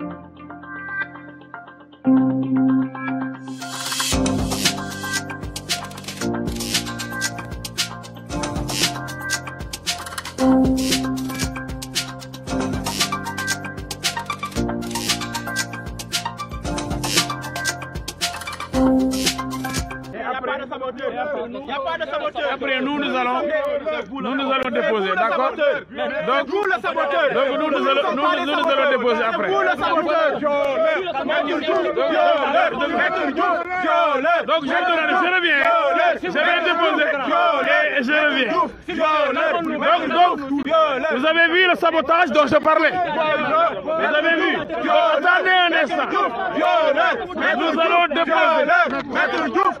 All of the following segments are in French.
Thank you. pas saboteur. Il n'y a pas de saboteur. Après, nous, nous allons, nous, nous allons déposer, d'accord Donc, nous, le saboteur. Donc, nous, nous allons, nous, nous, nous déposer après. Vous, le saboteur. Donc, je reviens. je reviens. Je vais déposer. Et je reviens. Donc, donc, vous avez vu le sabotage dont je parlais. Vous avez vu. Attendez un instant. Nous allons déposer. Maître Diouf,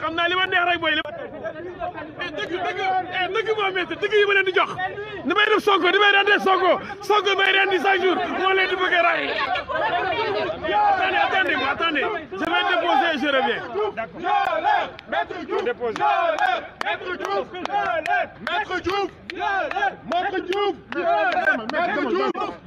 xam naa li ma neex rek booy li ma eh, dëgg eh, ma leen di jox ni may def sonko ni may rendee sonko sonko may rendi chaque jour moo di bëgg a ray attendez attendez attendez je vais déposer et je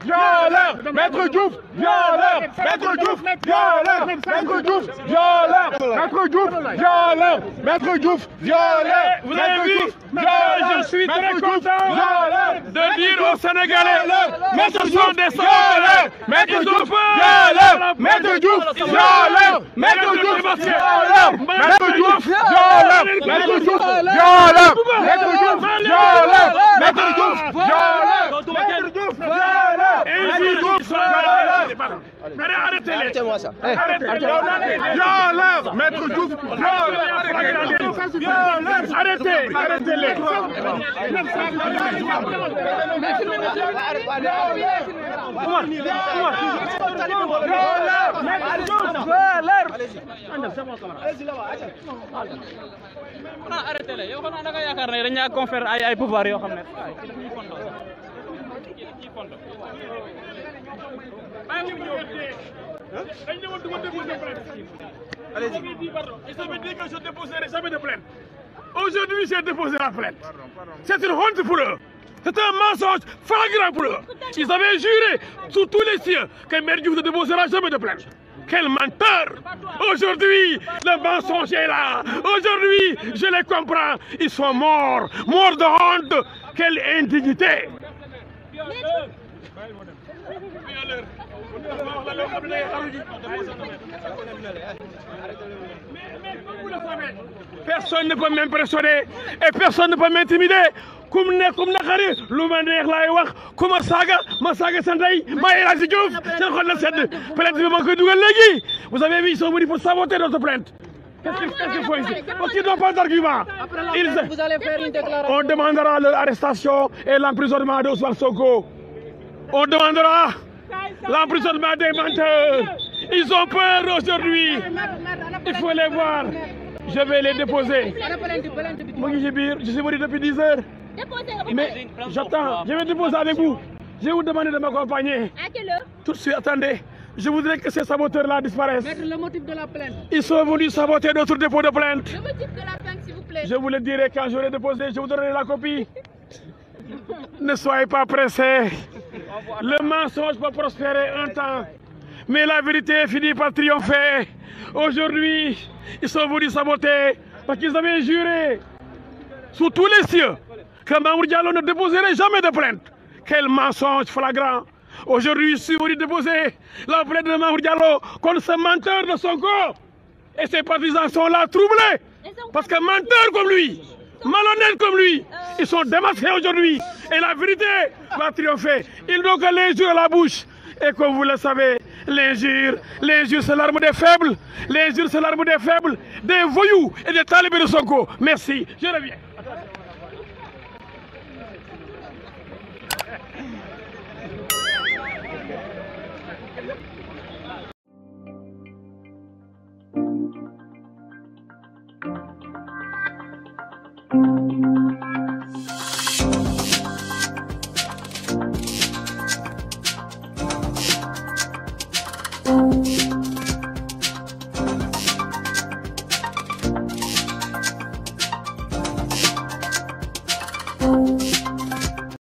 violeur, maître Diouf, violeur, maître Diouf, violeur, maître Diouf, violeur, maître Diouf, violeur, maître Diouf, violeur. Vous avez vu, je suis très content de dire aux Sénégalais, maître Diouf, violeur, maître Diouf, violeur, maître Diouf, violeur, maître Diouf, violeur, maître Diouf, violeur, maître Diouf, violeur, maître Diouf, violeur, maître Diouf, violeur. मेरे अरे चले अरे वहां से अरे या left मैं तो जूस या लेफ्ट या लेफ्ट अरे थे अरे चले عمر عمر يا ليف يا ليف عندك سبعة طلع انا ارتلي يا اخي انا غير كونفير اي اي بوفار يا اخي Aujourd'hui, j'ai déposé la plainte. C'est une honte pour eux. C'est un mensonge flagrant pour eux. Ils avaient juré sous tous les cieux que merdou ne déposera jamais de plainte. Quel menteur Aujourd'hui, le mensonge est là. Aujourd'hui, je les comprends. Ils sont morts, morts de honte. Quelle indignité personne ne peut m'impressionner et personne ne peut m'intimider Comme ne comme naqari lu ma neex là wax ku ma saaga ma saga sa ndey ma El Hadji Diouf la scène. bi ma koy vous avez vu ils sont venus pour saboter notre plainte Qu'est-ce qu'il faut ici Parce qu'ils n'ont pas d'argument. On demandera l'arrestation et l'emprisonnement Ousmane Soko. On demandera l'emprisonnement des menteurs. Ils ont peur aujourd'hui. Il faut les voir. Je vais les déposer. Je suis venu depuis 10 heures. Mais j'attends. Je vais déposer avec vous. Je vais vous demander de m'accompagner. Tout de suite, attendez. Je voudrais que ces saboteurs-là disparaissent. Mettre le motif de la plainte. Ils sont venus saboter notre dépôt de plainte. Le motif de la plainte, s'il vous plaît. Je vous le dirai quand j'aurai déposé, je vous donnerai la copie. ne soyez pas pressés. Le mensonge peut prospérer un temps, mais la vérité finit par triompher. Aujourd'hui, ils sont venus saboter parce qu'ils avaient juré sous tous les cieux que Mamour Diallo ne déposerait jamais de plainte. Quel mensonge flagrant Aujourd'hui, je suis venu déposer la plainte de Diallo contre ce menteur de son corps. Et ses partisans sont là troublés. Parce que menteurs comme lui, malhonnêtes comme lui, euh. ils sont démasqués aujourd'hui. Et la vérité va triompher. Ils n'ont que les à la bouche. Et comme vous le savez, l'injure, l'injure c'est l'arme des faibles, l'injure c'est l'arme des faibles, des voyous et des talibés de son corps. Merci, je reviens. Thank you.